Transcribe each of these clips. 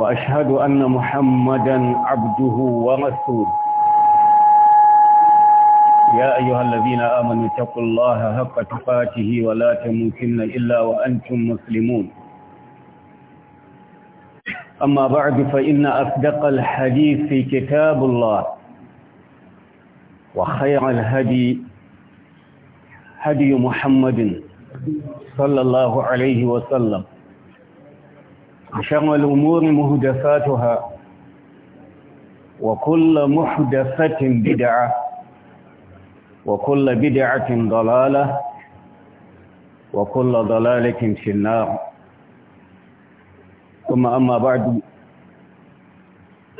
وأشهد أن محمدا عبده ورسوله يا أيها الذين آمنوا اتقوا الله حق تقاته ولا تموتن إلا وأنتم مسلمون أما بعد فإن أصدق الحديث كتاب الله وخير الهدي هدي محمد صلى الله عليه وسلم وشر الأمور مهدفاتها وكل محدثة بدعة وكل بدعة ضلالة وكل ضلالة في النار ثم أما بعد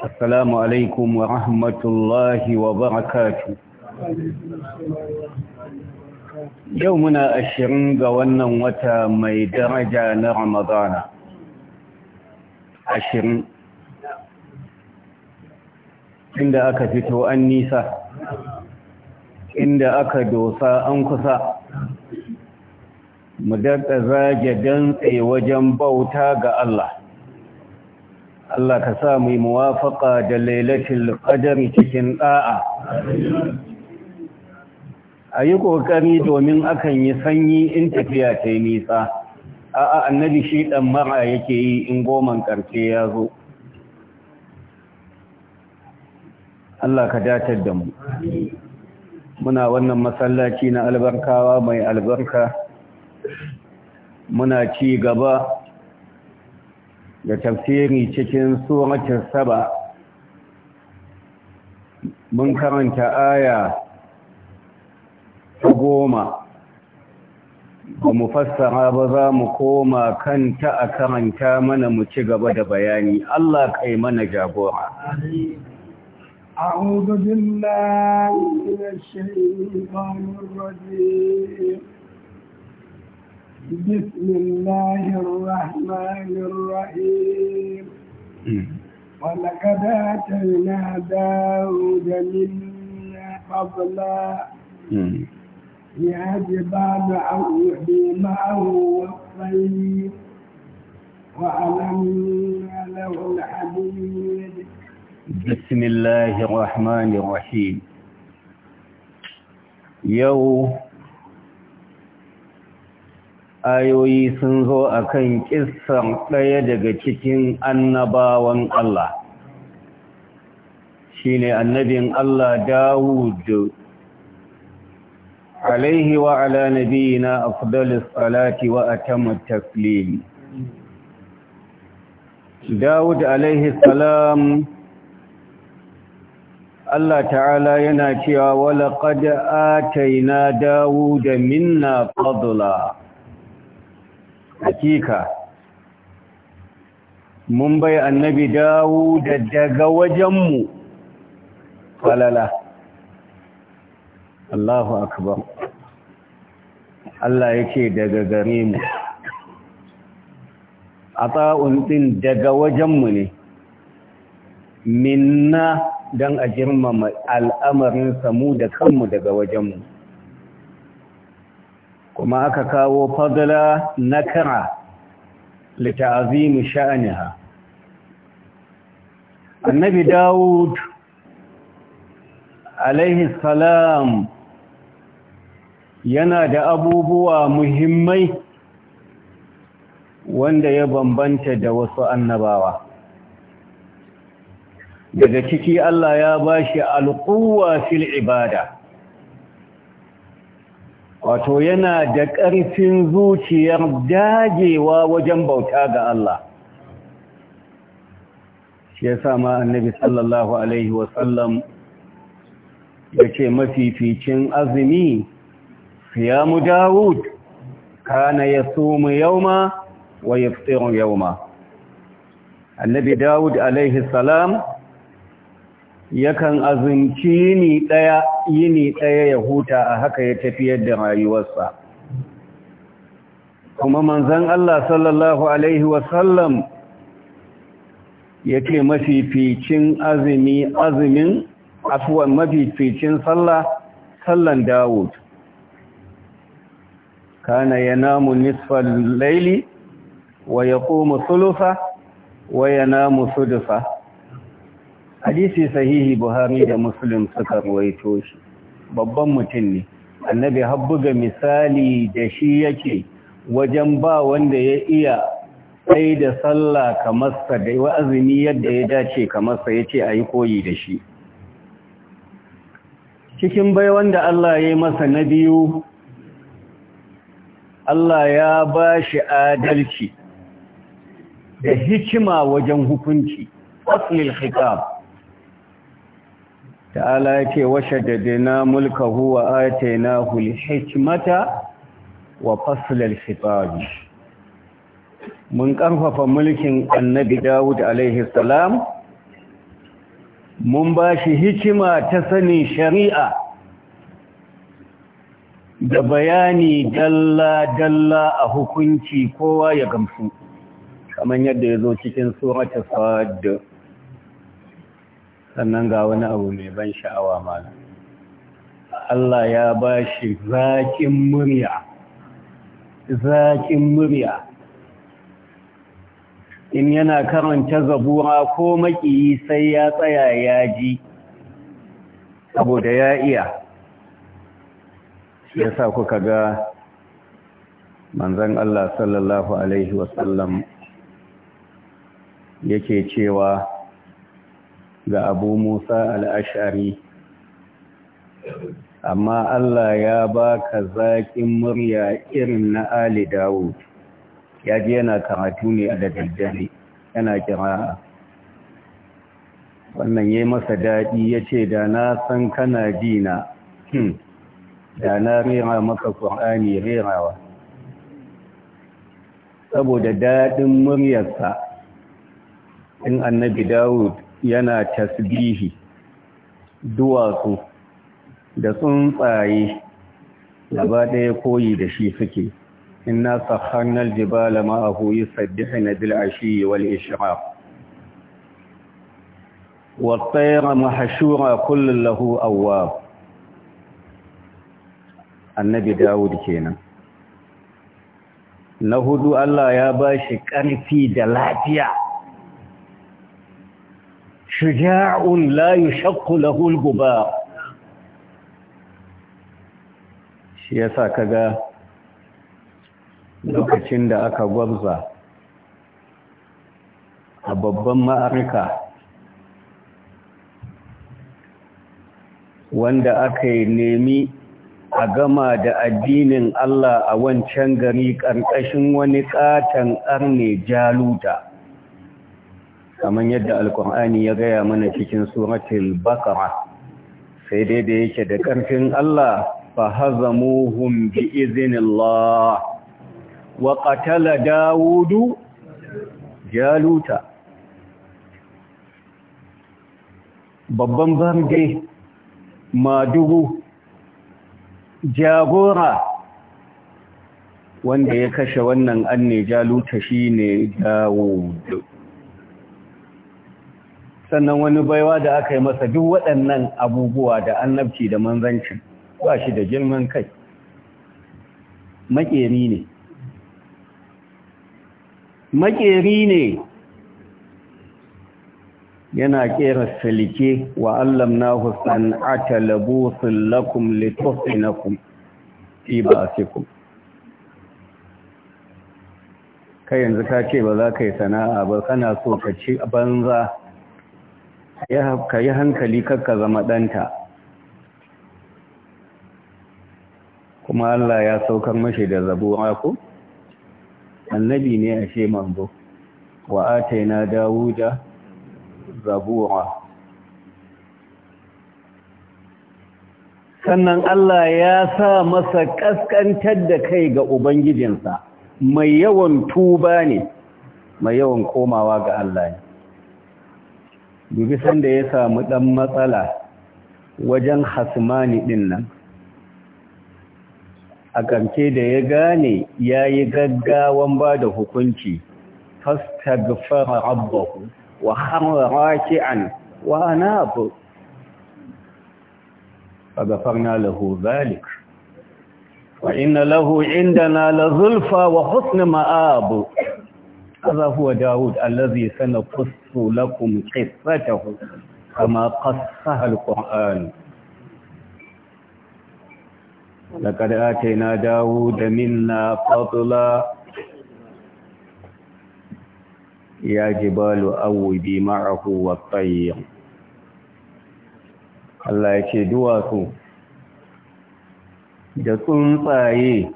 السلام عليكم ورحمة الله وبركاته يومنا الشرنق ونوة ميدرجان رمضان ashirin inda aka fito an nisa inda aka dosa an kusa mu daga zage dantse wajen bauta ga Allah Allah ka sa mu muwafaka da lailatul qadr cikin ɗa'a. a yi ƙoƙari domin akan yi sanyi in tafiya ta nisa a'a annabi shi dan mara yake yi in goman karshe ya zo Allah ka datar da mu muna wannan masallaci na albarkawa mai albarka muna ci gaba da tafsiri cikin suratul saba mun karanta aya goma ba mu fassara ba za mu koma kanta a karanta mana mu ci gaba da bayani Allah kai mana jagora أعوذ بالله من الشيطان الرجيم بسم الله الرحمن الرحيم ولقد آتينا داود منا فضلا يا جبال أوبي معه والطير وألمنا له الحديد بسم الله الرحمن الرحيم يو ayoyi sun zo a kan ƙisar ɗaya daga cikin annabawan Allah shi ne annabin Allah Dawud عليه وعلى نبينا أفضل الصلاة وأتم التسليم داود عليه السلام الله تعالى يناتي ولقد آتينا داود منا فضلا حقيقة من بي النبي داود دقا وجمه فلا لا Allahu akbar Allah yake daga gare mu ata'un din daga wajenmu ne minna don a girmama al'amarin samu da kanmu daga wajenmu kuma aka kawo fadla na kara lita'azimu sha'aniha annabi dawud alaihi salam yana da abubuwa muhimmai wanda ya bambanta da wasu annabawa daga ciki Allah ya ba shi alquwa fil ibada wato yana da ƙarfin zuciyar dagewa wajen bauta ga Allah shi ya ma annabi sallallahu alaihi wasallam ya ce mafificin azumi siyamu dawud kana yasumu yawma wa yaftiru yawma annabi dawud alaihi salam yakan azinci ni daya yini daya ya huta a haka ya tafiyar da rayuwarsa kuma manzon Allah sallallahu alaihi wasallam yake mafi azumi azumin afwan ficin sallah sallan dawud كان ينام نصف laili wa yaqumu وينام wa yanamu صحيح hadisi sahihi buhari da ruwaito shi babban mutum ne annabi habbuga misali da shi yake wajen ba wanda ya iya sai da sallah kamar sa, da wa'azini yadda ya dace kamarsa ya ce a yi koyi da shi cikin bai wanda Allah ya yi masa na biyu Allah ya ba shi adalci da hikima wajen hukunci aslil hikam ta'ala yake washadadna huwa wa na huli hikmata wa faslal hikam? mun karfafa mulkin annabi Dawud alaihi salam mun ba shi hikima ta sanin shari'a da bayani dalla-dalla a hukunci kowa ya gamsu kamar yadda ya zo cikin surata sa'ad sannan ga wani abu mai ban sha'awa mana Allah ya ba shi zaƙin murya zaƙin murya in yana karanta zabura ko maƙiyi sai ya tsaya ya ji saboda ya iya Ya sa kuka ga manzon Allah sallallahu alaihi wasallam yake cewa ga Abu Musa al-Ash'ari amma Allah ya baka zaƙin murya irin na Ali Dawud ya ji yana karatu ne a daddare yana kira wannan ya yi masa daɗi ya ce da na san kana jina. Hmm. da na rera maka ƙur'ani rerawa saboda daɗin muryarsa in annabi dawud yana tasbihi duwatsu da tsuntsaye gaba ɗaya koyi da shi suke inna sahannar jibala ma'ahu yi saddihi na bil'ashi wal ishraq والطير محشورة كل له أواب annabi dawud kenan na hudu Allah ya ba shi ƙarfi da lafiya shuja'un la yushaqqu lahu al-gubar shi yasa kaga lokacin da aka gwabza a babban ma'arika wanda aka yi nemi a gama da addinin Allah a wancan gari ƙarƙashin wani ƙaton ƙarne jaluta kamar yadda alkur'ani ya gaya mana cikin suratul Bakara. sai dai da yake da ƙarfin Allah fa muhun bi iznillah wa ƙatala Dawudu, jaluta babban ma madugu jagora wanda ya kashe wannan anne jaluta shi ne dawud sannan wani baiwa da aka yi masa duk waɗannan abubuwa da annabci da manzanci ba shi da girman kai makeri ne makeri ne yana kera silike wa allamnahu san'ata labusin lakum litofinakum fi ba'sikum kai yanzu ka ce ba za ka yi sana'a ba kana so ka ci banza ka yi hankali kakka zama ɗanta kuma Allah ya saukar mashi da zabuwa ku annabi ne a manzo wa dawuda zabura sannan Allah ya sa masa ƙasƙantar da kai ga ubangijinsa mai yawan tuba ne mai yawan komawa ga Allah ne dubi sanda ya samu dan matsala wajen hasmani din nan a kamce da ya gane ya yi gaggawan ba da hukunci fasta gafara abbahu وخر راكعا وأناب فغفرنا له ذلك وإن له عندنا لزلفى وحسن مآب هذا هو داود الذي سنقص لكم قصته كما قصها القرآن لقد آتينا داود منا فضلا Ya Jibalu جبال أوبي معه والطير Allah ya ce duwatsu da tsuntsaye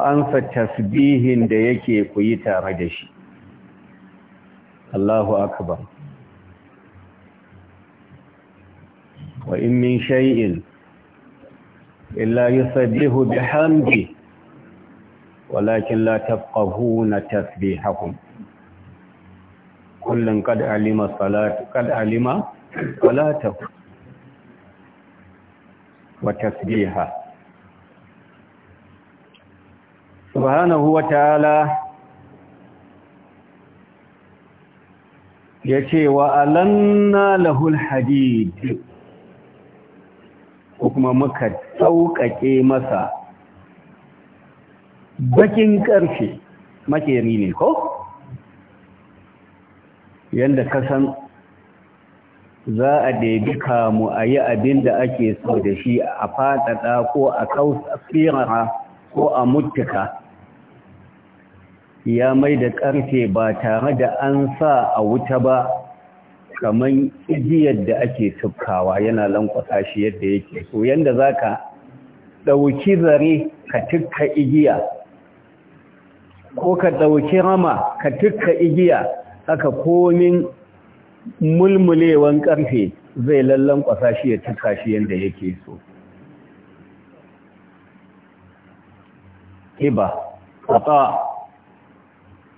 ansa tasbihin da yake ku yi tare da shi Allahu akbar wa in min shay'in illa yusabbihu bihamdi walakin la tafqahuna tasbihahum kullum kad alima salatu kad alima salatu wa tasbiha subhanahu wa ta'ala yace wa alanna lahul hadid kuma muka sauƙaƙe masa bakin ƙarfe makeri ne ko yadda ka san za a ɗebi kamu a yi abin da ake so da shi a faɗaɗa ko a kausirara ko a mutuka ya mai da ƙarfe ba tare da an sa a wuta ba kamar igiyar da ake tufkawa yana lankwasa shi yadda yake so yadda za ka ɗauki zare ka tukka igiya ko ka ɗauki rama ka tukka igiya haka komin mulmulewan ƙarfe zai lallan shi ya cika shi yadda yake so iba ƙasa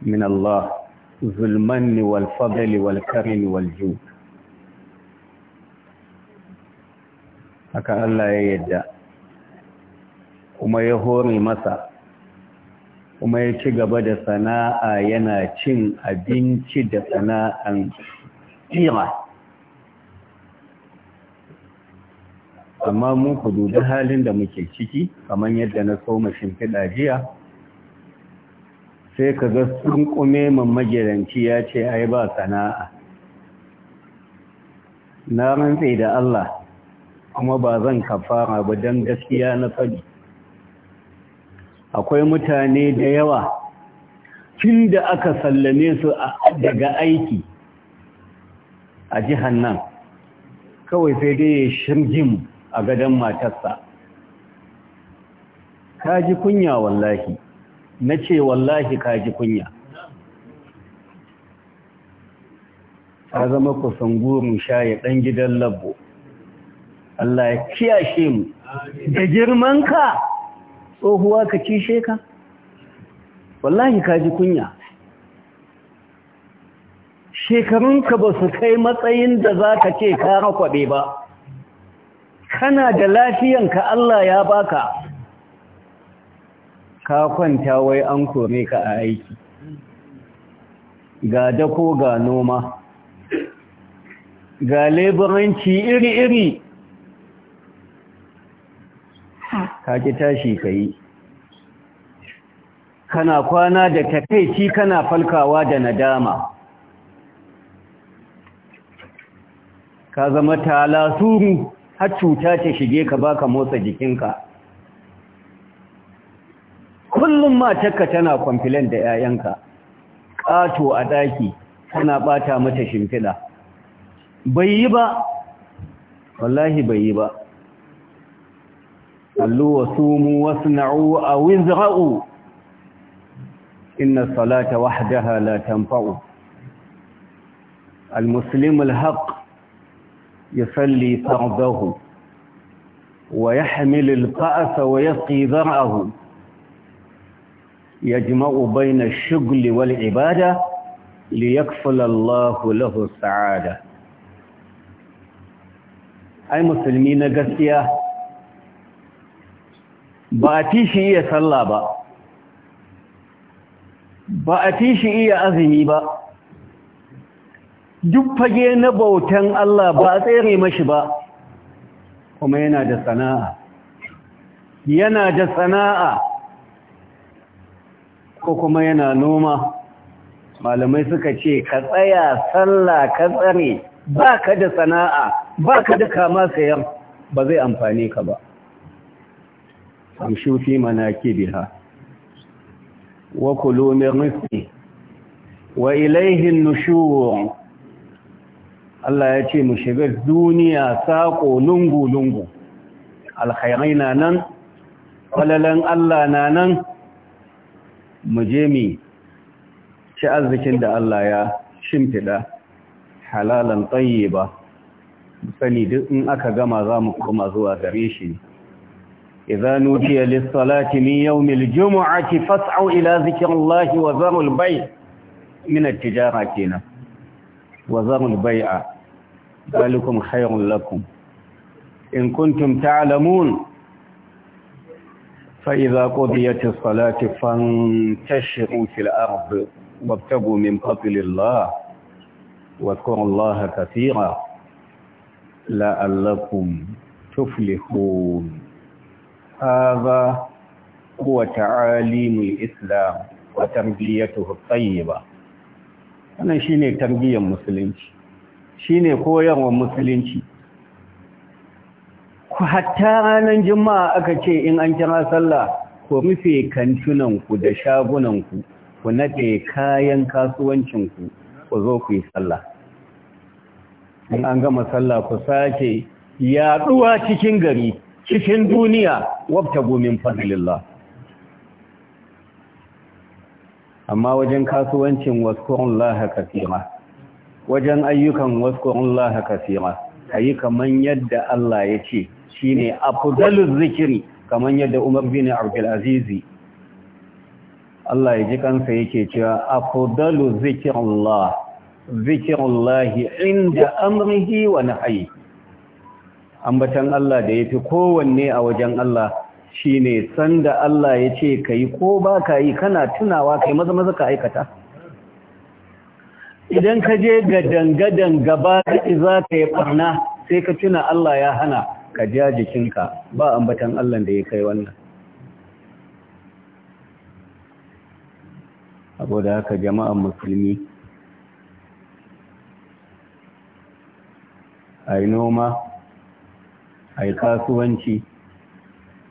min Allah ni wal fadli wal ni wal haka Allah ya yadda kuma ya hori masa kuma ya ci gaba da sana'a yana cin abinci da sana'an tsira. amma mun ku dubi halin da muke ciki kamar yadda na so soma shimfiɗa jiya sai ka ga sun kume magidanci ya ce ai ba sana'a na rantse da Allah kuma ba zan kafara ba don gaskiya na faɗi akwai mutane da yawa tun da aka sallame su daga aiki a jihan nan kawai sai dai ya shirgin a gadon matarsa ka ji kunya wallahi na ce wallahi ka ji kunya ta zama kusan gurin shaye ɗan gidan labo. Allah ya kiyashe mu da girman ka. tsohuwa ka cishe ka wallahi ka ji kunya shekarunka ba su kai matsayin da za ka ce ka kwaɓe ba kana da lafiyan ka Allah ya baka ka kwanta wai an kore ka a aiki ga dako ga noma ga leburanci iri-iri ka ki tashi ka yi kana kwana da takaici kana falkawa da nadama ka zama talasuru har cuta ta shige ka baka motsa jikinka kullum matarka tana kwamfilan da 'ya'yanka ƙato a ɗaki kana ɓata mata shimfiɗa bai yi ba wallahi bai yi ba صلوا وصوموا واصنعوا أو ازرعوا إن الصلاة وحدها لا تنفع المسلم الحق يصلي فرضه ويحمل الفاس ويسقي ذرعه يجمع بين الشغل والعبادة ليكفل الله له السعادة أي مسلمين قسيه ba a tishi iya sallah ba ba a tishi iya azumi ba duk fage na bautan Allah ba a tsere mashi ba kuma yana da sana'a yana da sana'a ko kuma yana noma malamai suka ce ka tsaya sallah ka tsare ba ka da sana'a ba ka da kama sayar ba zai amfane ka ba amshu fi manakibiha wa kulu min rizqi wa ilayhi an-nushur Allah ya ce mu shiga duniya sako lungu lungu alkhairai na nan falalan Allah na nan mu je mi ci arzikin da Allah ya shimfida halalan tayyiba sani duk in aka gama za mu koma zuwa gare shi ne إذا نوتي للصلاة من يوم الجمعة فاسعوا إلى ذكر الله وذروا البيع من التجارة هنا وذروا البيع ذلكم خير لكم إن كنتم تعلمون فإذا قضيت الصلاة فانتشروا في الأرض وابتغوا من فضل الله واذكروا الله كثيرا لعلكم تفلحون هذا هو تعاليم الإسلام وتربيته الطيبة wannan shine tarbiyyar musulunci shine koyarwa musulunci ku hatta ranar juma'a aka ce in an kira sallah ku rufe kantunanku da shagunanku ku nade kayan kasuwancinku ku zo ku yi sallah in an gama sallah ku sake yaduwa cikin gari cikin duniya wabta gomin fadlillah amma wajen kasuwancin laha kasira wajen ayyukan laha kasira ayi kaman yadda Allah ya ce shine afdaluz zikri kaman yadda Umar bin Abdul Aziz Allah ya ji kansa yake cewa afdalu zikrullah zikrullahi inda amrihi wa nahyihi ambatan Allah da ya fi kowanne a wajen Allah shine sanda Allah ya ce kai ko ba ka yi kana tunawa kai maza maza ka aikata idan ka je ga dangadan gaba za ka yi barna sai ka tuna Allah ya hana ka ja jikinka ba ambatan Allah da ya kai wannan saboda haka jama'an musulmi a noma a kasuwanci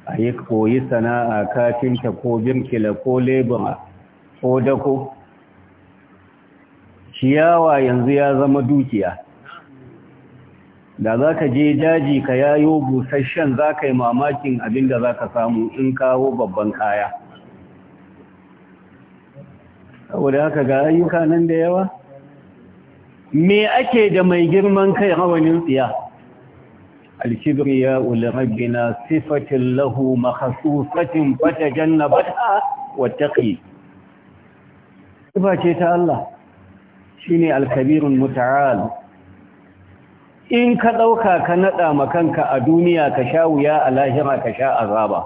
a koyi sana'a kafinta ko birkila ko lebura ko dako ciyawa yanzu ya zama dukiya da za ka je daji ka yayo busasshen za yi mamakin abin da za ka samu in kawo babban kaya saboda haka ga ayyuka nan da yawa me ake da mai girman kai rawanin tsiya الكبرياء لربنا صفة له مخصوصة فتجنبتها واتقي صفة الله شيني الكبير المتعال in ka ɗauka ka naɗa kanka a duniya ka sha wuya a lahira ka sha azaba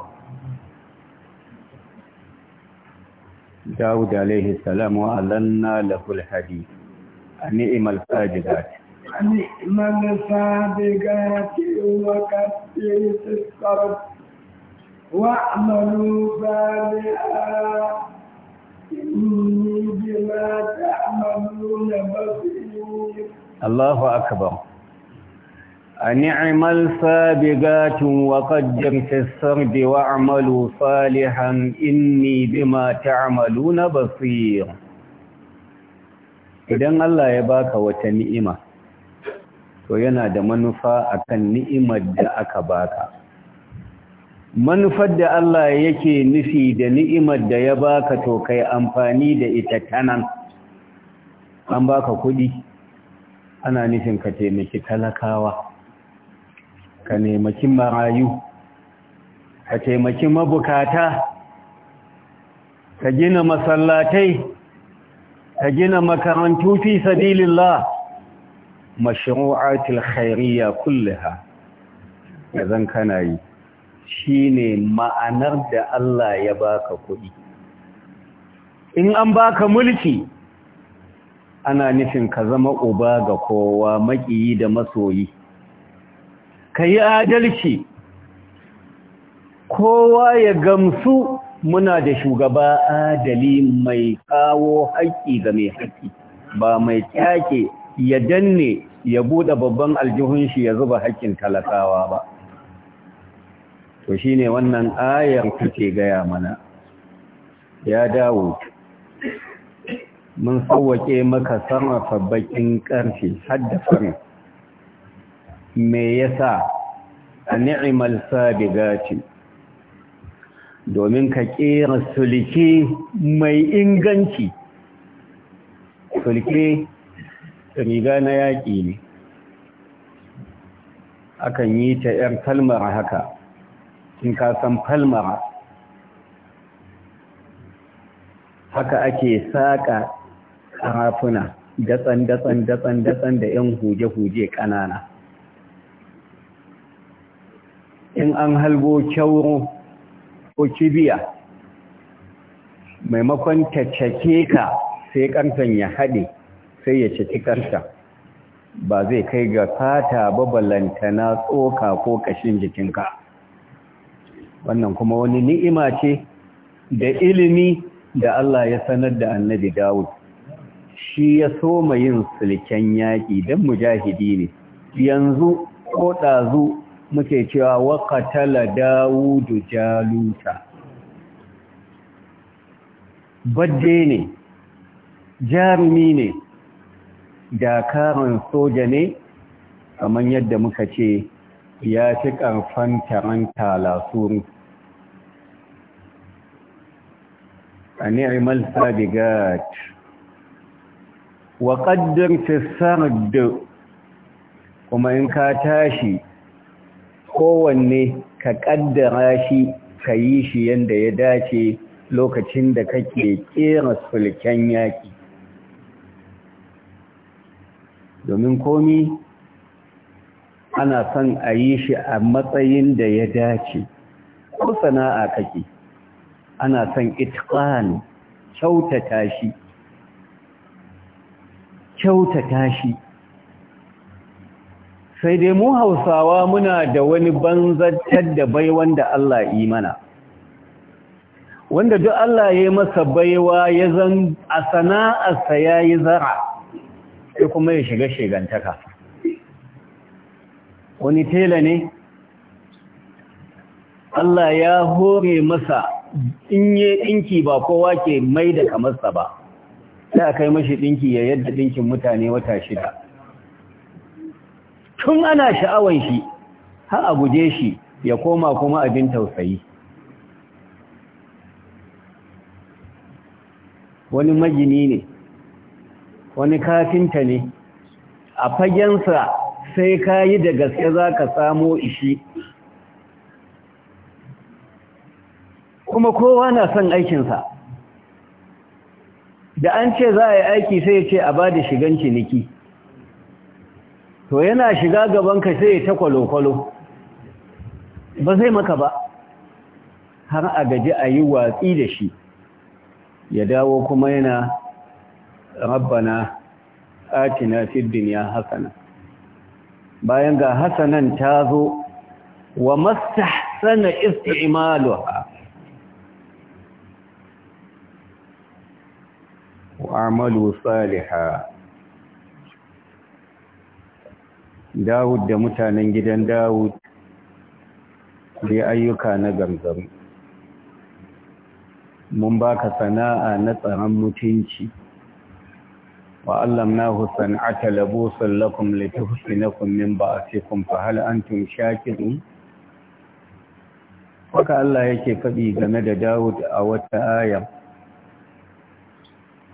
dawud alaihi salam wa alanna نعم سابقات وكثير الصرف واعملوا صالحا إني بما تعملون بصير الله أكبر أن اعمل سابقات وقدر في السرد واعملوا صالحا إني بما تعملون بصير idan Allah ya baka wata ni'ima to yana da manufa a kan ni'imar da aka baka manufar da Allah yake nufi da ni'imar da ya baka to kai amfani da ita tanan an baka kuɗi ana nufin ka taimaki talakawa ka nemaki marayu ka taimaki mabukata ka gina masallatai ka gina makarantu fi sabilillah mashru'atil khairiyya kullaha idan kana yi shine ma'anar da Allah ya baka kuɗi in an baka mulki ana nufin ka zama uba ga kowa makiyi da masoyi ka adalci kowa ya gamsu muna da shugaba adali mai kawo haƙƙi ga mai haƙƙi ba mai kyake ya danne ya buɗe babban aljihun shi ya zuba haƙƙin talakawa ba to shine wannan ayar kuke gaya mana ya dawo mun sauwake maka sarrafa bakin ƙarfi da farin me yasa a ni'imal sabigati domin ka ƙera sulke mai inganci sulke riga na yaƙi ne akan yi ta 'yar falmara haka in ka san falmara. haka ake saƙa ƙarafuna datsan datsan datsan datsan da 'yan huje-huje ƙanana in an halbo kyauro ko kibiya maimakon ta cake ka sai ƙarfen ya haɗe sai ya ciki karta ba zai kai ga fata babalantana tsoka ko kashin jikinka wannan kuma wani ni'ima ce da ilimi da Allah ya sanar da annabi Dawud shi ya soma yin sulken yaƙi don mujahidi ne yanzu ko ɗazu muke cewa waƙatala Dawudu jaluta badde ne jarumi ne dakaran soja ne kamar yadda muka ce ya fi ƙarfan taranta lasuru a ni'imal sabigat wa ƙaddar da kuma in ka tashi kowanne ka ƙaddara shi ka yi shi yadda ya dace lokacin da kake ƙera sulken yaƙi domin komi ana son a yi shi a matsayin da ya dace ko sana'a kake ana son itqan kyautata shi kyautata shi sai dai mu hausawa muna da wani banzantar da bai wanda Allah yi mana wanda duk Allah ya yi masa baiwa ya zan a sana'arsa ya yi zara sai kuma ya shiga shigantaka wani tela ne Allah ya hore masa in yi ɗinki ba kowa ke mai da kamarsa ba sai a kai mashi ɗinki ya yadda ɗinkin mutane wata shida tun ana sha'awan shi har a guje shi ya koma kuma abin tausayi wani majini ne wani kafinta ne a fagensa sai ka yi da gaske za ka samo ishi kuma kowa na son aikinsa da an ce za a yi aiki sai ya ce a ba da shigan ciniki to yana shiga gabanka sai ya ta kwalo ba zai maka ba har a gaji a yi watsi da shi ya dawo kuma yana rabbana atina fi dunya hasana bayan ga hasanan ta zo wa mastahsana isti'maluha wa amalu Saliha. Dawud da mutanen gidan Dawud dai ayyuka na gamzam mun baka sana'a na tsaron mutunci na وعلمناه صنعة لبوس لكم لتحسنكم من بأسكم فهل أنتم شاكرون haka Allah yake faɗi game da Dawud a wata aya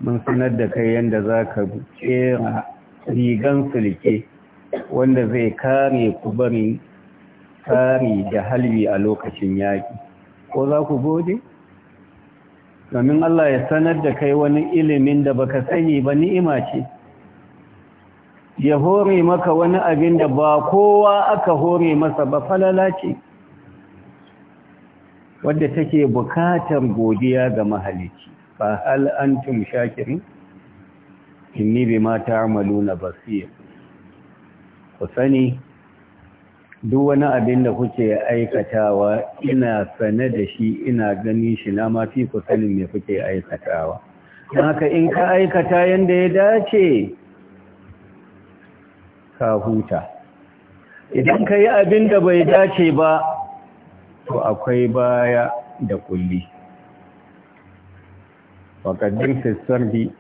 mun sanar da kai yadda za ka kera rigan sulke wanda zai kare ku barin tsari da halbi a lokacin yaƙi ko za ku gode? domin Allah ya sanar da kai wani ilimin da baka sani ba ni'ima ce ya hore maka wani abin da ba kowa aka hore masa ba falala ce wadda take bukatar godiya ga mahalici fa hal antum shakirin inni bima ta'maluna basir ku sani duk wani abin da kuke aikatawa ina sane da shi ina gani shi na ma fi ku sanin me kuke aikatawa don haka in ka aikata yanda ya dace ka huta idan ka yi abin da bai dace ba to akwai baya da kulli waƙaddin bi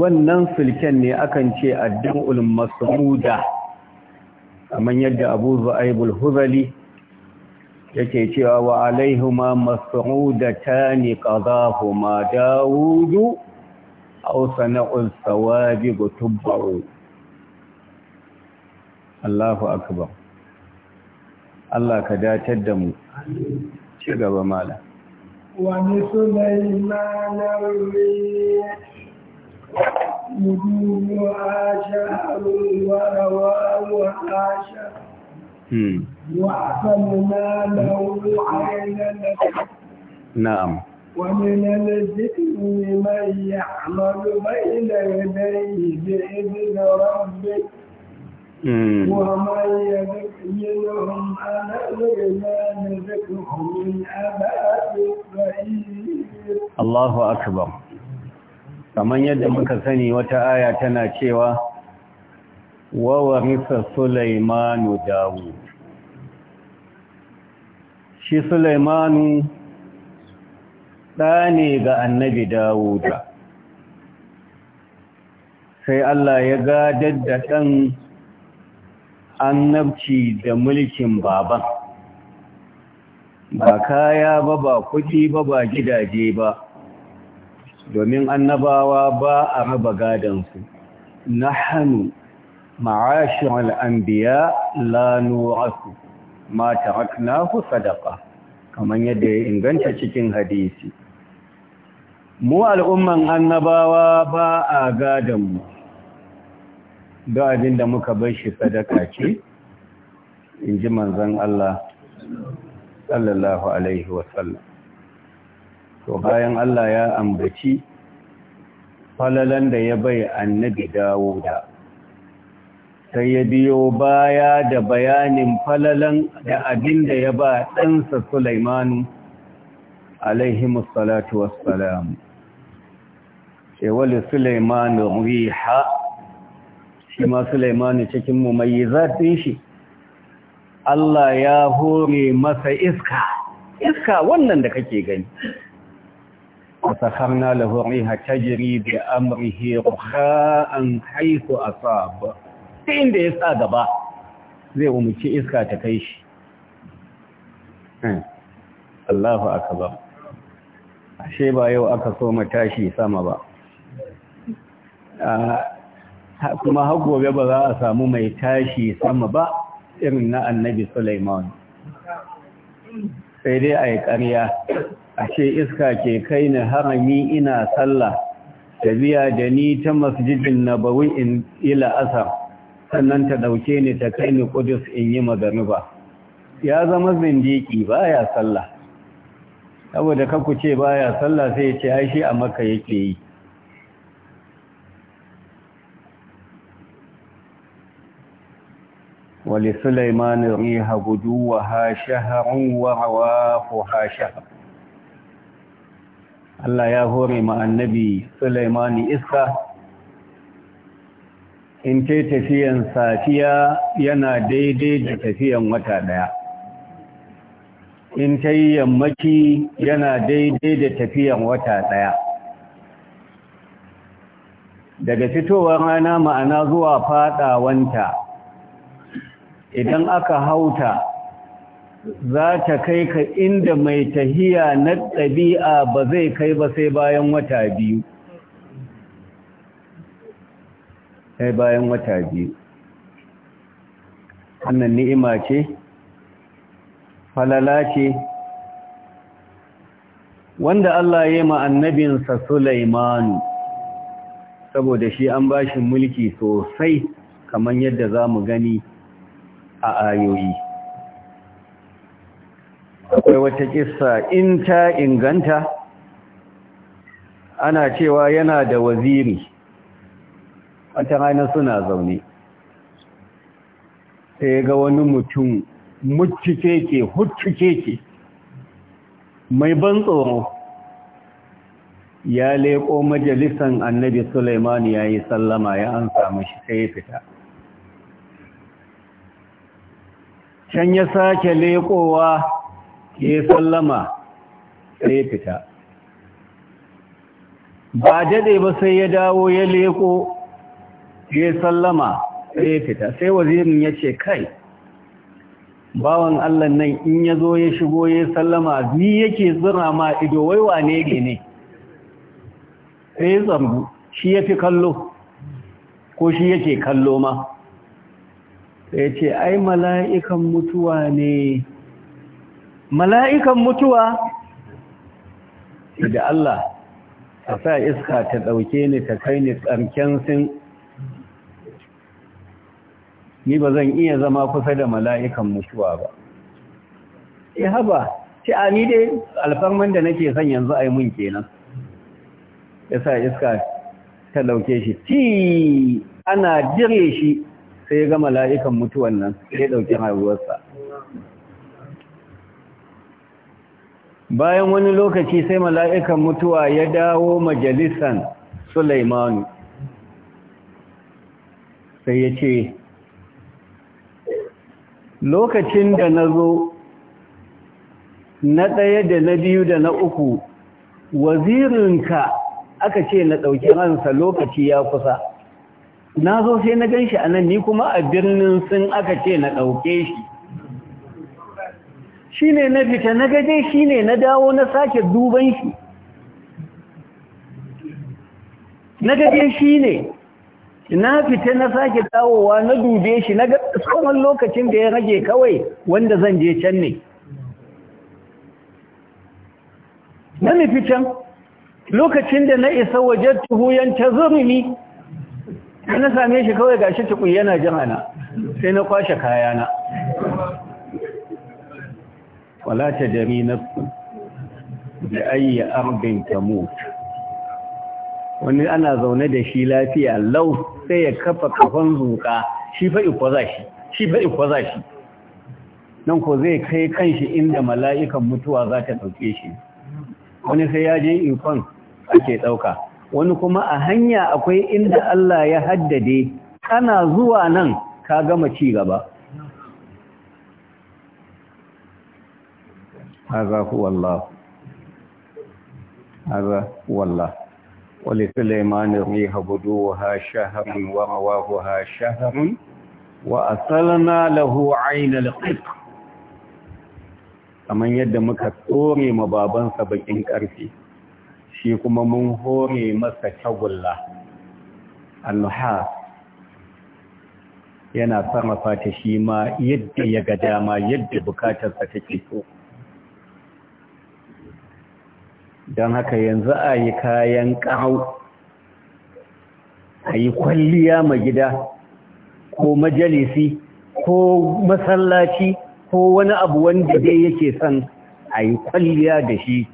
wannan sulken ne akan ce addin ulmasamuda kamar yadda abu zu'aibul huzali yake cewa wa alaihuma mas'udatani qadahuma dawudu aw sana'ul sawabi gutubbu Allahu akbar Allah ka datar da mu ci gaba mala wa ni مدور عاشا ورواه وعاشا وعقلنا له عين نعم ومن الذكر من يعمل بين يديه بإذن ربه ومن يدق منهم عن أمرنا نذكره من أباب الصعيد الله أكبر kamar yadda muka sani wata aya tana cewa wa sulaimanu dawo shi sulaimanu ɗa ne ga annabi dawo da sai Allah ya gadar da ɗan annabci da mulkin baban ba kaya ba ba kuɗi ba ba gidaje ba domin annabawa ba a raba gadansu hannu. Ma'ashin al'ambiya la nu'asu ma ku sadaka. Kamar yadda ya inganta cikin hadisi mu al'umman annabawa ba a gadon mu da abin da muka bar shi sadaka ce in ji manzan Allah sallallahu alaihi wasallam to bayan Allah ya ambaci falalan da ya bai annabi dawo da, sai ya biyo baya da bayanin falalan da abin da ya ba ɗansa Sulaimanu alaihimus salatu sai wali Sulaimanu riha shi ma Sulaimanu cikin mumayyizatin shi Allah ya hore masa iska iska wannan da kake gani وسخرنا له الريح تجري بأمره رخاء حيث أصاب تين دي إسكا دبا زي ومشي إسكا تكيش الله أكبر ashe ba yau aka so matashi sama ba kuma har gobe ba za a samu mai tashi sama ba irin na annabi Suleiman, sai dai a yi ƙarya ashe iska ke kai ni harami ina sallah tabiya da ni ta masjidin nabawi in ila asar sannan ta dauke ni ta kai ni kudus in yi ba. ya zama zindiki ya sallah saboda kaku ce ba ya sallah sai ya ce ai a maka yake yi ولسليمان ريح غدوها شهر ورواحها شهر Allah ya hore ma annabi Sulaimani iska in ta tafiyan safiya yana daidai da tafiyan wata daya in ta yi yammaci yana daidai da tafiyan wata daya daga fitowar rana ma'ana zuwa fadawanta idan aka hauta za ta kai ka inda mai tahiya na ɗabi'a ba zai kai ba sai bayan wata biyu sai bayan wata biyu wannan ni'ima ce falala ce wanda Allah ya yi annabinsa Sulaimanu saboda shi an ba shi mulki sosai kamar yadda za mu gani a ayoyi akwai wata kissa in ta inganta ana cewa yana da waziri wata rana suna zaune sai ga wani mutum mutuke ke hutuke ke mai ban tsoro ya leƙo majalisan annabi Suleiman ya yi sallama ya an samu shi sai ya fita. Can ya sake lekowa ya sallama sai ya fita ba jade ba sai ya dawo ya leko ya sallama sai ya fita sai wazirin ya ce kai bawan Allah nan in ya zo ya shigo ya sallama ni yake zura ma ido wai wane ne sai ya zambu shi ya fi kallo ko shi yake kallo ma sai ce ai mala'ikan mutuwa ne mala'ikan mutuwa da Allah ta sa iska ta ɗauke ni ta kai ni tsarken sin ni ba zan iya zama kusa da mala'ikan mutuwa ba ya eh, haba ci a ni dai alfarman da nake son yanzu a yi mun kenan ya sa iska ta ɗauke shi ti ana jire shi sai ga mala'ikan mutuwan nan ya ɗauke rayuwarsa bayan wani lokaci sai mala'ikan mutuwa ya dawo majalisan Sulaimanu sai ya ce lokacin da na zo na ɗaya da na biyu da na uku wazirinka aka ce na ɗauki ransa lokaci ya kusa na zo sai na gan shi a nan ni kuma a birnin sun aka ce na ɗauke shi Shi ne na fita na gaje ne na dawo na sake duban shi na gaje ne na fita na sake dawowa na dube shi na ga tsawon lokacin da ya rage kawai wanda zan je can ne na nufi can lokacin da na isa wajen tuhuyan ta zurumi na same shi kawai gashi tukun yana jirana sai na kwashe kayana wala ta dami nafsu da ayi wani ana zaune da shi lafiya lau sai ya kafa kafan zuka shi fa ikwaza shi shi shi nan ko zai kai kanshi inda mala'ikan mutuwa za ta dauke shi wani sai ya je ikon ake ɗauka. wani kuma a hanya akwai inda Allah ya haddade kana zuwa nan ka gama ci gaba هذا هو الله هذا هو الله ولسليمان الريح بدوها شهر ورواهها شهر وأصلنا له عين القطر kamar yadda muka tsore ma babansa bakin ƙarfi shi kuma mun hore masa tagulla annuha yana sarrafa ta shi ma yadda ya ga dama yadda bukatarsa take so don haka yanzu a yi kayan ƙahau a yi kwalliya ma gida ko majalisi ko masallaci ko wani abu wanda dai yake son a yi kwalliya da shi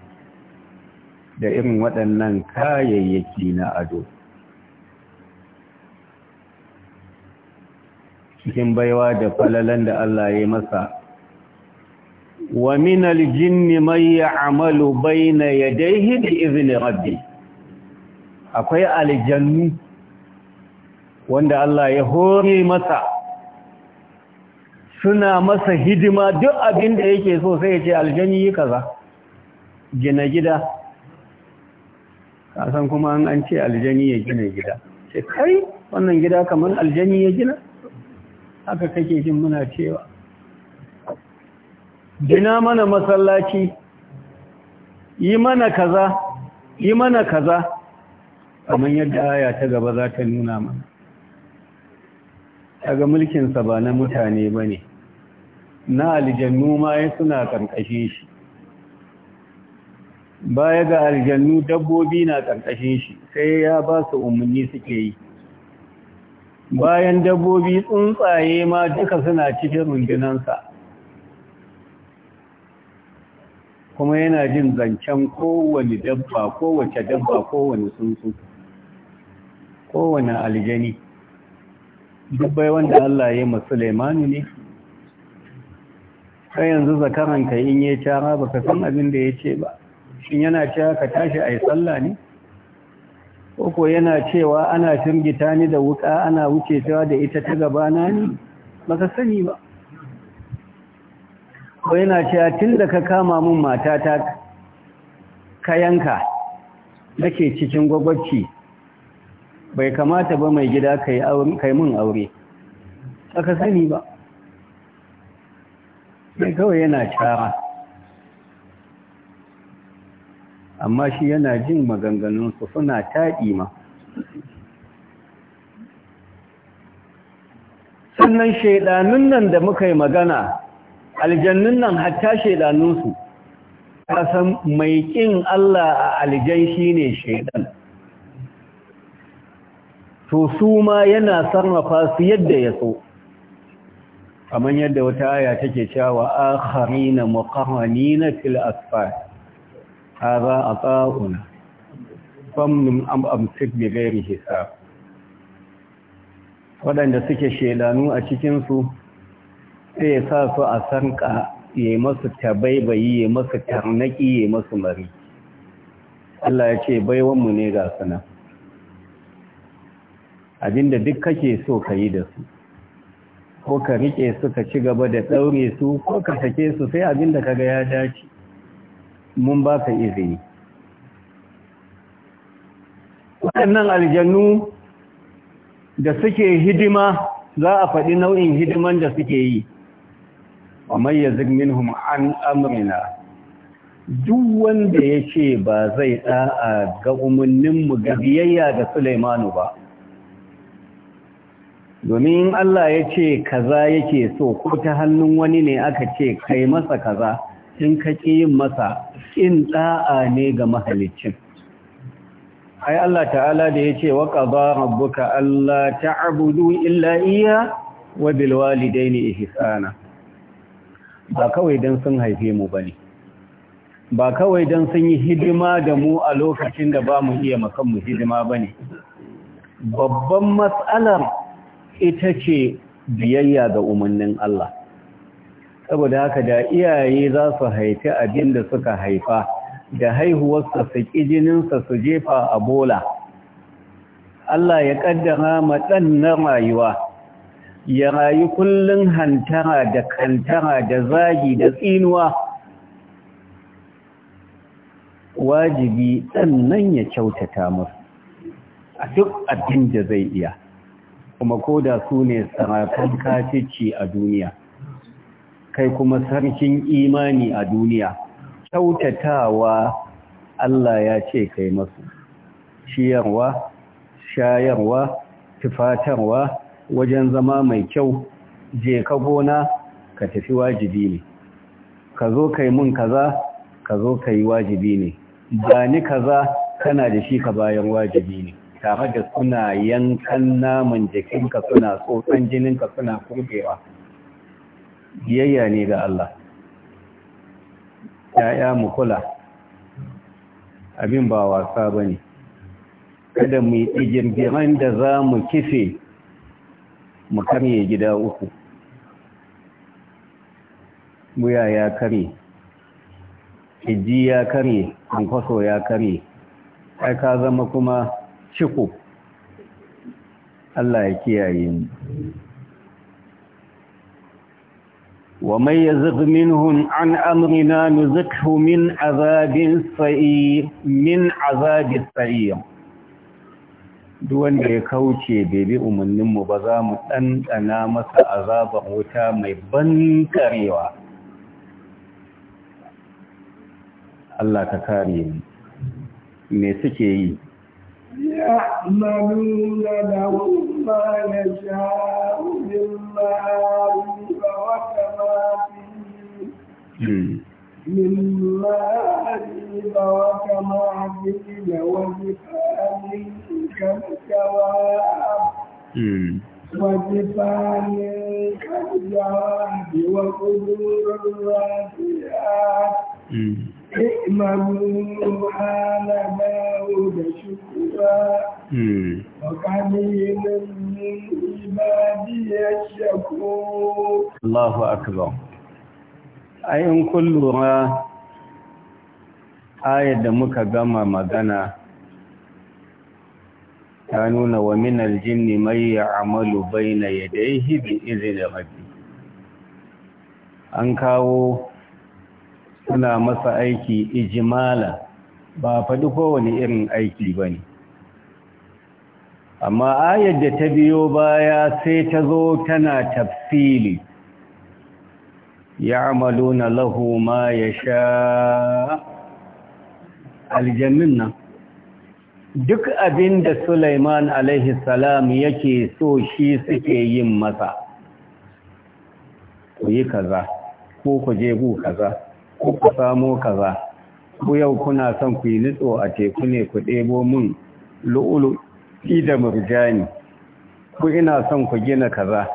da irin waɗannan kayayyaki na ado cikin baiwa da falalan da Allah ya yi masa wa min aljinn man ya'malu bayna yadayhi bi izni rabbi akwai aljannu wanda Allah ya hore masa suna masa hidima duk abin da yake so sai ya ce aljanni yi kaza gina gida kasan kuma an ce aljani ya gina gida sai kai wannan gida kamar aljani ya gina haka kake jin muna cewa gina mana masallaci yi mana kaza yi mana kaza kamar yadda aya ta gaba za ta nuna mana daga mulkinsa ba na mutane ba ne na aljannu ma ya suna ƙarƙashin shi baya ga aljannu dabbobi na ƙarƙashin shi sai ya ba su umarni suke yi bayan dabbobi tsuntsaye ma duka suna cikin rundunansa kuma yana jin zancen kowane dabba kowace dabba kowane tsuntsu kowane aljani dubbai wanda Allah ya yi Sulaimanu ne sai yanzu ka in ya tara baka san abin da ya ba shin yana cewa ka tashi a yi sallah ne koko yana cewa ana firgita ni da wuka ana wuce da ita ta gabana ne baka sani ba ko yana cewa tun da ka kama mun matata ka yanka nake cikin gwagwaci bai kamata ba mai gida kai mun aure aka sani ba mai kawai yana cara amma shi yana jin maganganunsu suna taɗi ma sannan shaidanun nan da muka yi magana aljannun nan hatta shaidanunsu kasan mai ƙin Allah a aljan shi ne shaidan to su ma yana sarrafa su yadda ya so kamar yadda wata aya take cewa akharina muqarranina fil asfar hadha fam famnum am amsik bi ghairi hisab wadanda suke shedanu a cikinsu. sai ya sa su a sanka ya masu tabaibayi ya masu tarnaki ya masu mari Allah ya ce baiwanmu ne ga suna abinda duk kake so ka yi da su ko ka rike su ka ci gaba da ɗaure su ko ka sake su sai abinda ka ga ya dace mun ba ka izini waɗannan aljannu da suke hidima za a faɗi nau'in hidiman da suke yi wa mai minhum an amrina duk wanda ya ce ba zai ɗa'a ga umarninmu ga biyayya da Sulaimanu ba. Domin Allah ya ce kaza yake so ko ta hannun wani ne aka ce kai masa kaza in ka ƙi yin masa in ɗa'a ne ga mahalicin. Ai Allah ta'ala da ya ce wa ƙaba rabbuka Allah ta'abudu illa iya wa bilwalidaini ihsana. ba kawai don sun haife mu ba ne ba kawai don sun yi hidima da mu a lokacin da ba mu iya mu hidima ba ne babban matsalar ita ce biyayya ga umarnin Allah saboda haka da iyaye za su haifi abin da suka haifa da haihuwarsa su ƙi jininsa su jefa a bola Allah ya ƙaddara matsan na rayuwa ya rayu kullum hantara da kantara da zagi da tsinuwa wajibi sannan ya kyautata musu a duk abin da zai iya kuma ko da su ne sarafin kacici a duniya kai kuma sarkin imani a duniya kyautatawa Allah ya ce kai masu ciyarwa shayarwa tufatarwa wajen zama mai kyau je ka gona ka tafi wajibi ne ka zo kai mun kaza ka zo kai wajibi ne ba ni kaza kana da shi ka bayan wajibi ne tare da suna yankan naman jikinka suna tsotsan jininka suna kurbewa biyayya ne ga Allah ‘ya'ya mu kula abin ba wasa ba kada mu yi da za mu kife mu karye gida uku wuya ya karye hijji ya karye kwankwaso ya karye ai ka zama kuma ciko Allah ya kiyaye mu wa may yazgh minhum an amrina nuzikhu min azabin min azabis sa'i. duk wanda ya kauce bebe umarninmu ba za mu ɗanɗana masa azaban wuta mai bankarewa Allah ka kare mu me suke yi يعملون مما أدرك معدل وجفان كالجواب وجفان كالجواب وقدور الراسيات اعملوا آل داود شكرا وقليل من عبادي الشكور الله أكبر ayin yin kullura ayar da muka gama magana ta nuna wa min aljinni mai amalu baina ya bi izini rabbi an kawo suna masa aiki ijimala ba faɗi kowane irin aiki ba ne amma ayar da ta biyo baya sai ta zo tana tafsili يعملون له ما يشاء الجنة duk abin da Sulaiman alaihi salam yake so shi suke yin masa ku yi kaza ko ku je ku kaza ko ku samo kaza ku yau kuna son ku yi nitso a teku ne ku ɗebo mun lu'ulu da murjani ku ina son ku gina kaza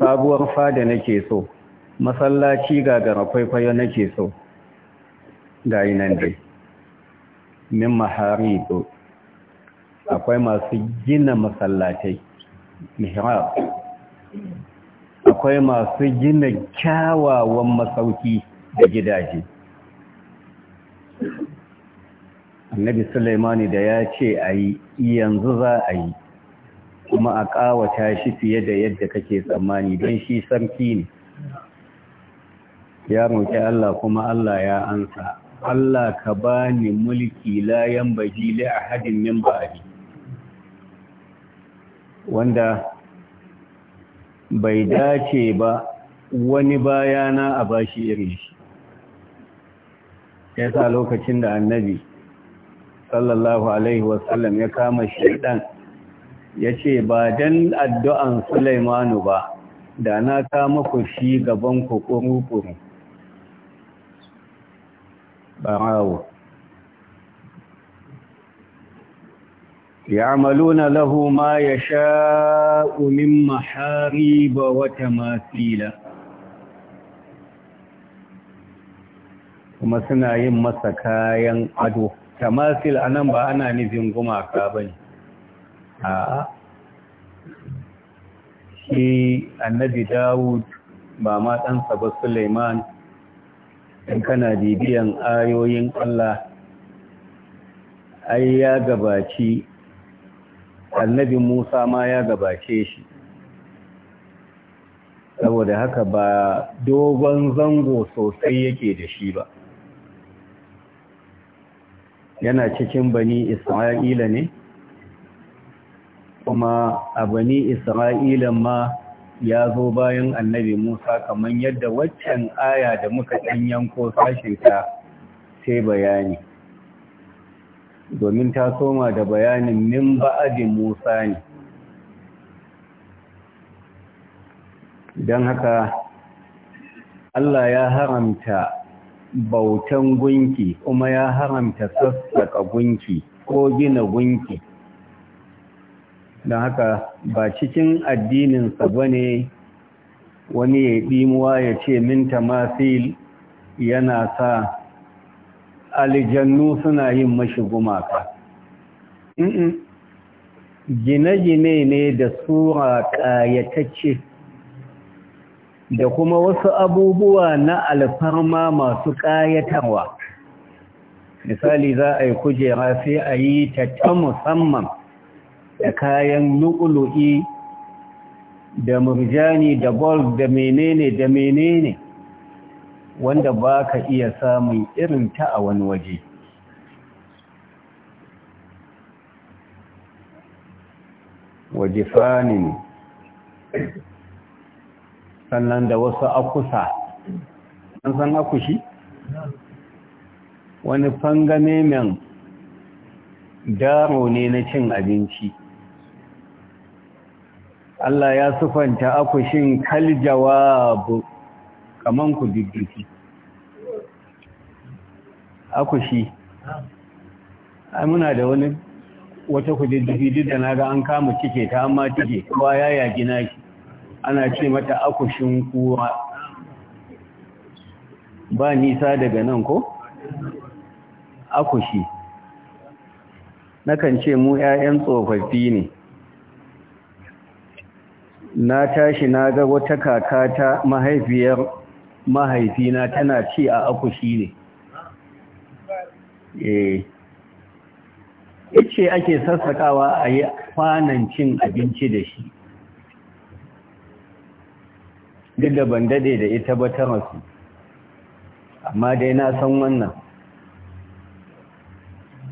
sabuwar fada nake so masallaci gagara kwaikwayo nake so ga yi nan dai min maharibu akwai masu gina masallatai mihrab akwai masu gina kyawawan masauki da gidaje annabi sulaimani da ya ce a yi yanzu za a yi kuma a kawata shi fiye da yadda kake tsammani don shi sarki ne ya roƙi Allah kuma Allah ya ansa Allah ka bani mulki la yanbaji li ahadin min ba'di wanda bai dace ba wani bayana a bashi irin shi Yasa lokacin da annabi sallallahu alaihi wasallam ya kama shaidan ya ce ba dan addu'an sulaimanu ba da na kama ku shi gaban ku kuru-kuru ɓarawo يعملون له ما يشاء من محاريب وتماثيل kuma suna yin masa kayan ado tamasil a nan ba ana nufin gumaka ba ne a shi annabi dawud ba ma ɗansa ba suleiman in kana bibiyan ayoyin Allah ai ya gabaci annabi Musa ma ya gabace shi saboda haka ba dogon zango sosai yake da shi ba yana cikin bani isra'ila ne kuma a bani isra'ila ma ya zo bayan annabi Musa kamar yadda waccan aya da muka ɗan yanko ta sai bayani. Domin ta soma da bayanin min ba'adin Musa ne. Don haka Allah ya haramta bautan gunki kuma ya haramta sassaka gunki ko gina gunki. don haka ba cikin addininsa ba ne wani ya ɗimuwa ya ce minta masil yana sa aljannu suna yin mashi gumaka gine-gine ne da sura ƙayatacce da kuma wasu abubuwa na alfarma masu ƙayatarwa misali za a yi kujera sai a yi ta ta musamman da kayan lu'ulu'i da murjani da bol da menene da menene wanda ba ka iya samun irin ta a wani waje waje ne sannan da wasu akusa an san akushi wani fangame min daro ne na cin abinci Allah ya sufanta akushin kal jawabu kaman ku diddiki akushi ai muna da wani wata ku diddiki da naga an kama kike ta amma kike kowa ya yaki naki ana ce mata akushin kuwa. ba nisa daga nan ko akushi nakan ce mu 'ya'yan tsofaffi ne na tashi na ga wata kakata mahaifiyar mahaifina tana ci a akushi ne eh ice ake sassakawa a yi kwanan cin abinci da shi duk da ban dade da ita ba ta rasu amma dai na san wannan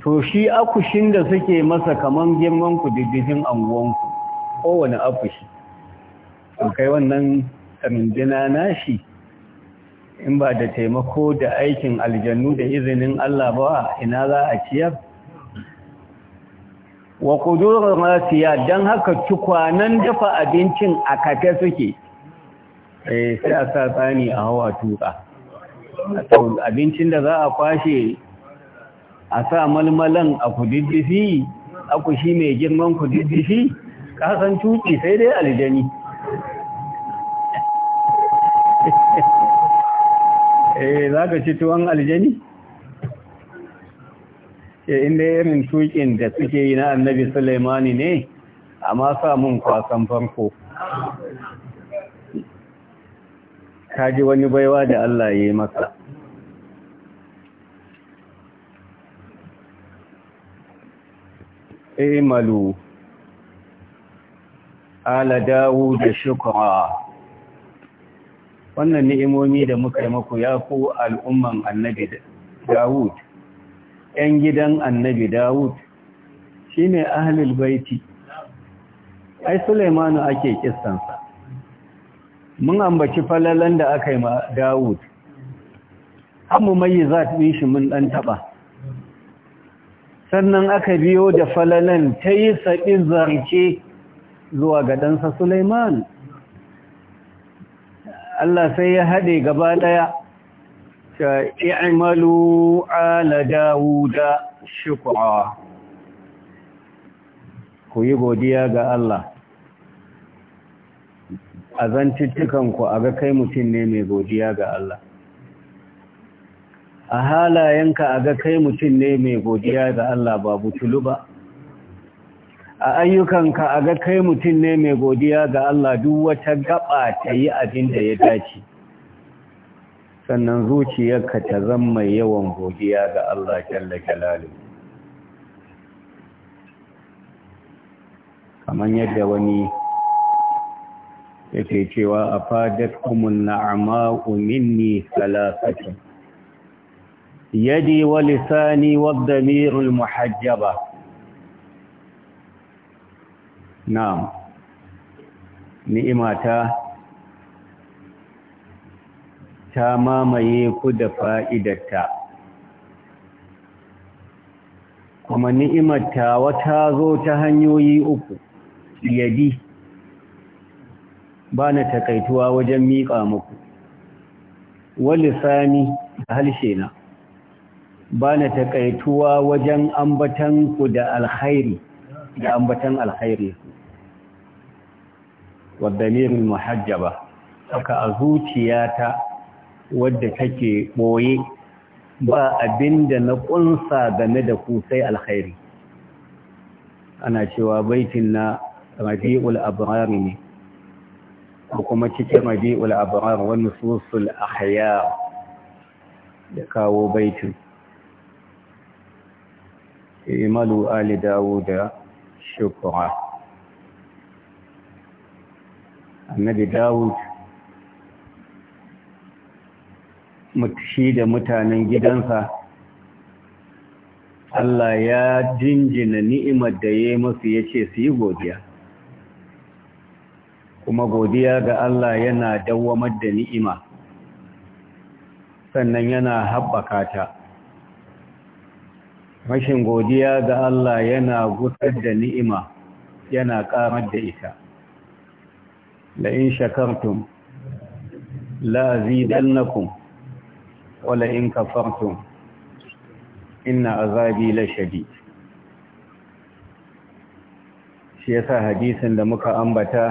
to shi akushin da suke masa kaman girman ku diddigin anguwanku kowane akushi to kai wannan rindina nashi in ba da taimako da aikin aljannu da izinin Allah ba ina za a ciyar wa kudurar rasiya don haka tukwanan dafa abincin a kafe suke eh, sai a sa tsani a hawa tuka abincin da za a kwashe a sa malmalan a kududdufi aku shi mai girman Ka kasan tuki sai dai aljani eh za ka ci tuwon aljani ke eh, inda irin tukin da suke yi na annabi sulaimani ne amma samun kwasan farko ka ji wani baiwa da Allah ya yi maka imalu eh, ala dawo da shukura wannan ni'imomi da muka yi maku ya ku al'umman annabi Dawud ‘yan gidan annabi Dawud shi ne ahalil ai Suleimanu ake kistansa mun ambaci falalan da aka yi ma Dawud amma mai za ta shi mun ɗan taɓa sannan aka biyo da falalan ta yi saɓi zarce zuwa ga ɗansa sulaiman Allah sai ya haɗe gaba ɗaya ta i'malu ala dawuda shukwa, ku yi godiya ga Allah a zantuttukan a ga kai mutum ne mai godiya ga Allah a halayenka ga kai mutum ne mai godiya ga Allah ba butulu ba a ayyukanka a ga kai mutum ne mai godiya ga Allah duk wata gaba ta yi abin da ya dace sannan zuciyarka ta zama yawan godiya ga Allah jalla jalaluhu kamar yadda wani yake cewa a fadar kumun na'ama minni salafatun yadi wa lisani wa damirul muhajjaba na'am ni'imata ta mamaye ku da fa'idatta kuma ni'imata wata zo ta hanyoyi uku yadi ba na takaituwa wajen miƙa muku sani da halshe na ba na takaituwa wajen ambatanku da alkhairi da ambatan alkhairi ku waddamirin muhajjaba haka a zuciyata wadda take ɓoye ba abinda na ƙunsa game da ku sai alkhairi ana cewa baitin na rabi'ul abrar ne kuma cikin rabi'ul abrar wani susul ahya da kawo baitin imalu ali dawo da shukura annabi dawud shi da mutanen gidansa Allah ya jinjina ni'imar da ya masu ya ce su yi godiya kuma godiya ga Allah yana dawwamar da ni'ima sannan yana haɓaka ta rashin godiya ga Allah yana gusar da ni'ima yana ƙarar da ita لئن شكرتم لأزيدنكم ولئن كفرتم إن la shadi. shi sa hadisin da muka ambata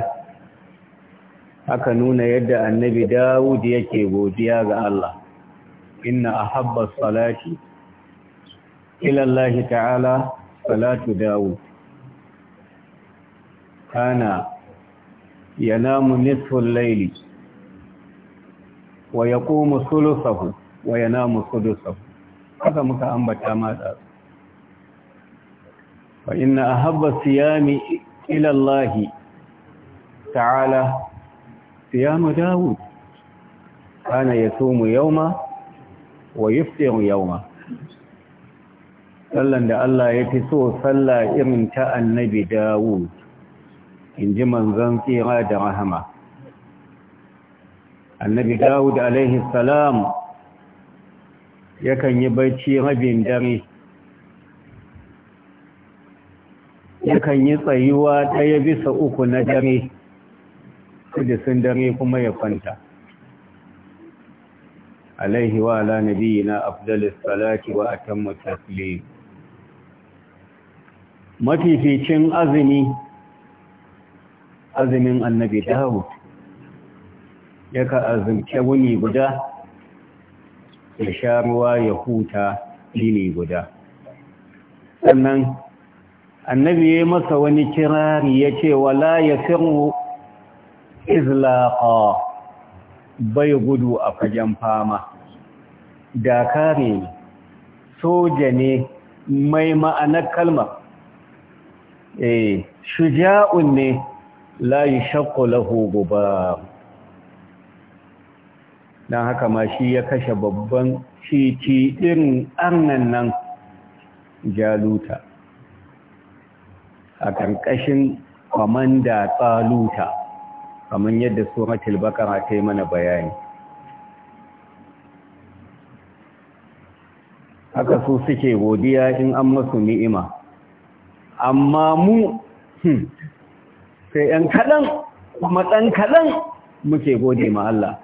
aka nuna yadda annabi Dawud yake godiya ga Allah inna a habbas ila Allah ta'ala salatu Dawud kana ينام نصف الليل ويقوم ثلثه وينام سدسه هذا مكا أنبتا ماذا فإن أحب الصيام إلى الله تعالى صيام داود كان يصوم يوما ويفطر يوما sallan da Allah ya fi so salla irin ta annabi Dawud in ji manzan tsira da rahama annabi dawud alaihi salam yakan yi bacci rabin dare yakan yi tsayuwa ɗaya bisa uku na dare sun dare kuma ya kwanta alaihi wa ala na afdalus salati wa atammu taslim mafificin azumi azumin annabi Dawud ka azumce wuni guda ya sha ruwa ya huta yini guda sannan annabi ya yi masa wani kirari ya ce wala ya firru bai gudu a fagen fama dakare soja ne mai ma'anar kalmar eh shuja'un ne la yashqu lahu dan haka ma shi ya kashe babban titi irin annan nan jaluta a ƙarƙashin kwamanda tsaluta kamar yadda suratul bakara ta yi mana bayani haka su suke godiya in an masu ni'ima amma mu hmm, sai ‘yan kaɗan kuma ɗan kaɗan muke gode ma Allah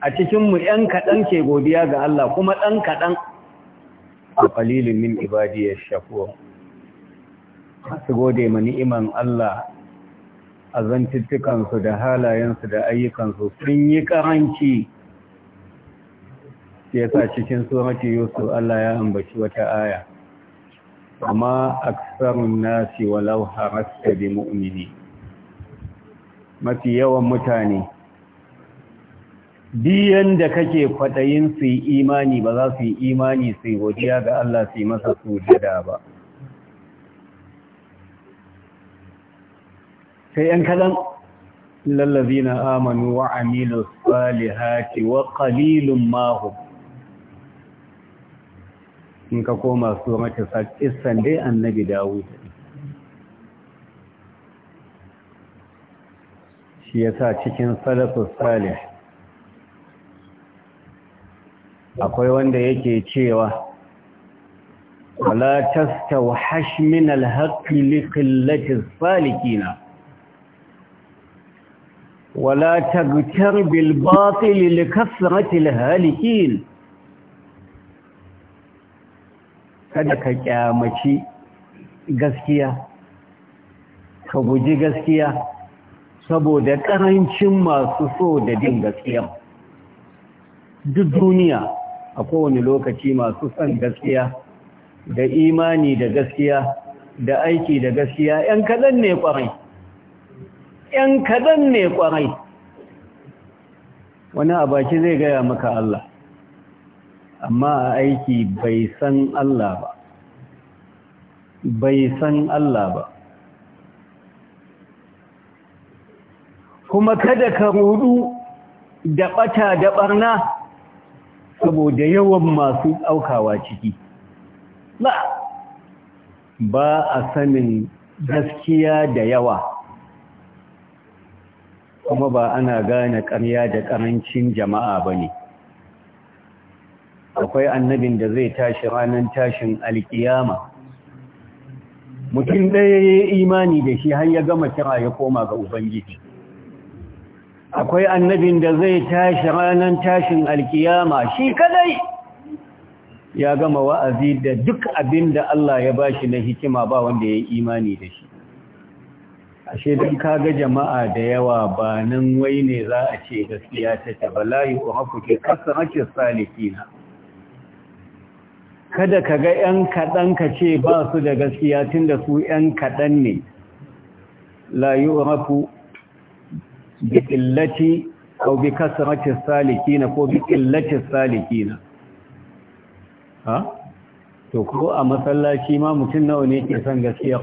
a cikinmu ‘yan kaɗan ke godiya ga Allah kuma ɗan kaɗan a ƙalilin min ibadiyar shakuwa su gode ma ni'iman Allah a da halayensu da ayyukansu sun yi ƙaranci ya sa cikin tsohon yusuf Allah ya ambaci wata aya amma aksarun nasi walau harasta bi mu'mini mafi yawan mutane biyan da kake kwaɗayin su yi imani ba za su yi imani su yi godiya ga Allah su yi masa jada ba sai ‘yan kalan na amanu wa amilu haki wa kalilun mahu in ka koma su mace iskan dai annabi dawo. shi yasa cikin salafus salih akwai wanda yake cewa wala tastawhash min alhaqqi liqillati salikina wala tagtar bil batil likasrati halikin? kada ka kyamaci gaskiya ka guji gaskiya saboda ƙarancin masu so da jin gaskiya duk duniya a kowane lokaci masu son gaskiya da imani da gaskiya da aiki da gaskiya ‘yan kaɗan ne ƙwarai ‘yan kaɗan ne ƙwarai wani abaki zai gaya maka Allah amma a aiki bai san Allah ba bai san Allah ba kuma kada ka rudu da bata da barna saboda yawan masu aukawa ciki ba ba a sanin gaskiya da yawa kuma ba ana gane ƙarya da ƙarancin jama'a ba ne akwai annabin da zai tashi ranar tashin alkiyama mutum ɗaya ya yi imani da shi har ya gama kira ya koma ga ubangiji akwai annabin da zai tashi ranar tashin alkiyama shi kadai ya gama wa'azi da duk abin da Allah ya bashi na hikima ba wanda ya yi imani da shi ashe don kaga jama'a da yawa ba nan wai ne za a ce gaskiya ta ta layi ko haku ke kasa hake salikina kada ka ga 'yan kaɗan ka ce ba su da gaskiya tunda su 'yan kaɗan ne layi rafu. bi illati aw bi kasrati salikina ko bi illati salikina ha to ko a masallaci ma mutum nawa ne ke son gaskiya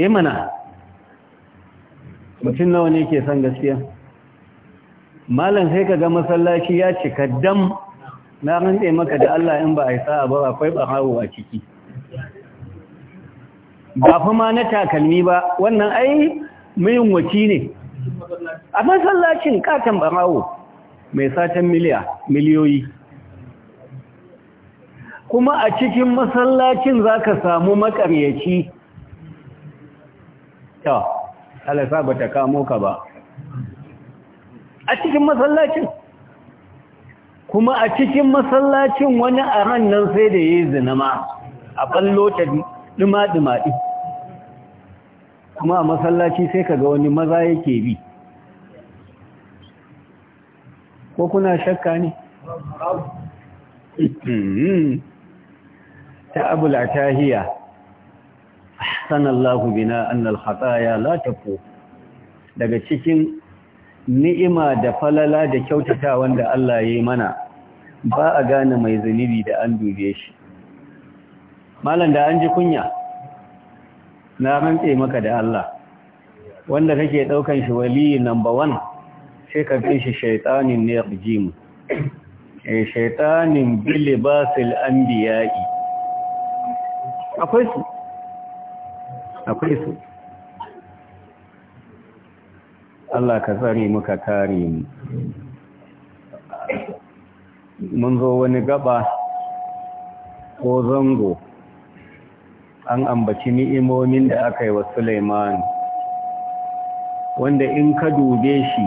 eh mana mutum nawa ne ke son gaskiya malam sai kaga masallaci ya cika dam na rantse maka da Allah in ba a yi sa'a ba ba akwai barawo a ciki ba fa ma na takalmi ba wannan ai mayin waki ne a masallacin katon barawo mai satan miliya miliyoyi kuma a cikin masallacin za ka samu makaryaci ta alasa ba ta kamo ka ba a cikin masallacin kuma a cikin masallacin wani a ran nan sai da ya yi zinama a ballo ta dima dima kuma a masallaci sai ka ga wani maza yake bi ko kuna shakka ne ta abu latahiya sanallahu bina annal khataya la tafu daga cikin ni'ima da falala da kyautata wanda Allah ya yi mana ba a gane mai zunubi da an dube shi malam da an ji kunya na rantse maka da Allah wanda kake daukan shi wali number 1 sai ka kai shi shaytanin ne rajim eh shaytanin bilibasil anbiya'i akwai su akwai su Allah ka tsare muka kare mu mun zo wani gaba ko zango an ambaci ni'imomin da aka yi wa Sulaiman wanda in ka dube shi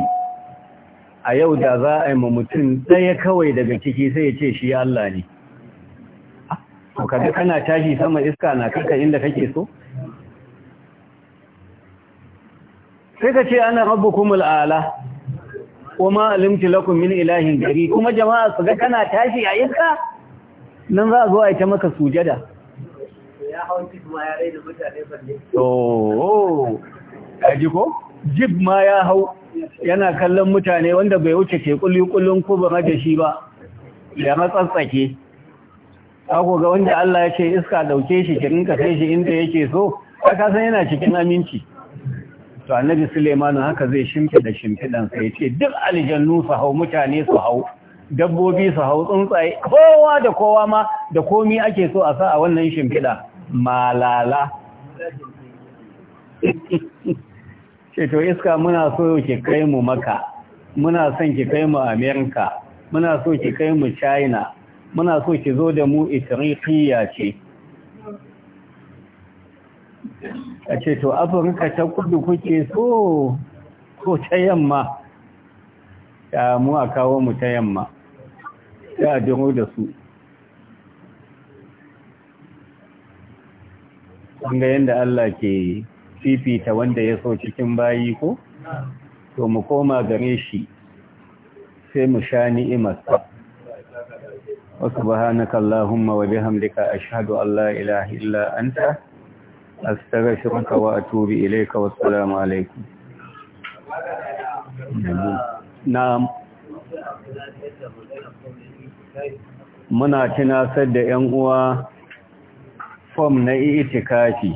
a yau da za a yi ma mutum ɗaya kawai daga ciki sai ya ce shi Allah ne kaga kana tashi sama iska na kanka inda kake so sai ka ce ana kumul ala kuma alimti lakum min ilahin gari kuma jama'a su ga kana tashi a iska nan za a zo a yi ta maka sujada jib ma ya oh. ko jib ma ya hau yana kallon mutane wanda bai wuce ke kulli kullun ko ba da shi ba ya matsatsake ako ga wanda Allah ya ce iska dauke shi ki ka sai shi inda yake so ka san yana cikin aminci to annabi Suleiman haka zai shimfi da shimfidan ya ce duk aljannu su hau mutane su hau dabbobi su hau tsuntsaye kowa da kowa ma da komi ake so a sa a wannan shimfiɗa malala to iska muna so ki kai mu maka muna son ki kai mu amerika muna so ki kai mu china muna so ki zo da mu itirikiya ce a ce afirka ta kudu kuke so ko ta yamma ya mu a kawo mu ta yamma ya duro da su wanga yadda Allah ke fifita wanda ya so cikin bayi ko to mu koma gare shi sai mu sha ni'imarsa wa subhanaka allahumma wa bihamdika ashhadu an la ilaha illa anta astaghfiruka wa atubu ilayka wa assalamu alaykum na'am muna tunasar da ƴan uwa form na itikafi